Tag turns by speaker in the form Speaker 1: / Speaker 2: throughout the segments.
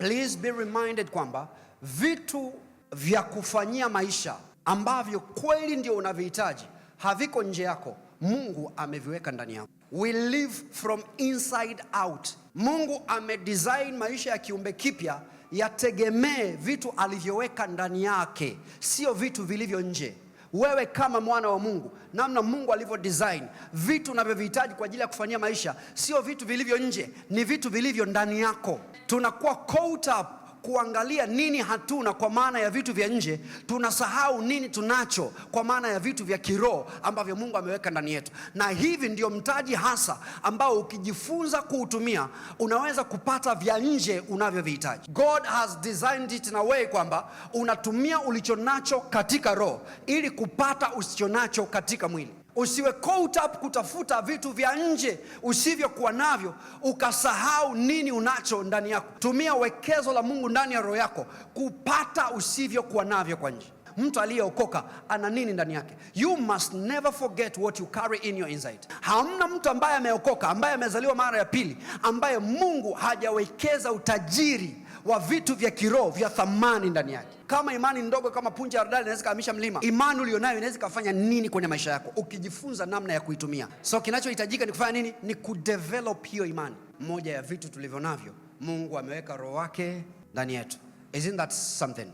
Speaker 1: please be reminded kwamba vitu vya kufanyia maisha ambavyo kweli ndio unavihitaji haviko nje yako, Mungu ameviweka ndani yako. We live from inside out. Mungu amedesign maisha ya kiumbe kipya yategemee vitu alivyoweka ndani yake, sio vitu vilivyo nje. Wewe kama mwana wa Mungu, namna Mungu alivyo design vitu unavyohitaji kwa ajili ya kufanyia maisha, sio vitu vilivyo nje, ni vitu vilivyo ndani yako. Tunakuwa caught up kuangalia nini hatuna kwa maana ya vitu vya nje, tunasahau nini tunacho kwa maana ya vitu vya kiroho ambavyo Mungu ameweka ndani yetu. Na hivi ndio mtaji hasa ambao ukijifunza kuutumia unaweza kupata vya nje unavyovihitaji. God has designed it in a way kwamba unatumia ulichonacho katika roho ili kupata usichonacho katika mwili usiwe caught up kutafuta vitu vya nje usivyokuwa navyo, ukasahau nini unacho ndani yako. Tumia wekezo la Mungu ndani ya roho yako kupata usivyokuwa navyo kwa nje. Mtu aliyeokoka ana nini ndani yake? You must never forget what you carry in your inside. Hamna mtu ambaye ameokoka, ambaye amezaliwa mara ya pili, ambaye Mungu hajawekeza utajiri wa vitu vya kiroho vya thamani ndani yake. Kama imani ndogo kama punje ya haradali inaweza kuhamisha mlima, imani ulionayo inaweza ikafanya nini kwenye maisha yako ukijifunza namna ya kuitumia? So kinachohitajika ni kufanya nini? Ni kudevelop hiyo imani. Moja ya vitu tulivyo navyo, Mungu ameweka roho wake ndani yetu. Isn't that something?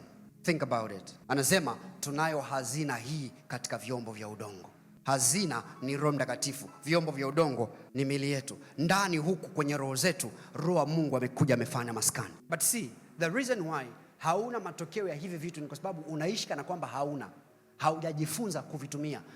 Speaker 1: Think about it. Anasema tunayo hazina hii katika vyombo vya udongo. Hazina ni Roho Mtakatifu, vyombo vya udongo ni mili yetu. Ndani huku kwenye roho zetu, roho wa Mungu amekuja amefanya maskani. But see, the reason why hauna matokeo ya hivi vitu ni kwa sababu unaishi kana kwamba hauna, haujajifunza kuvitumia.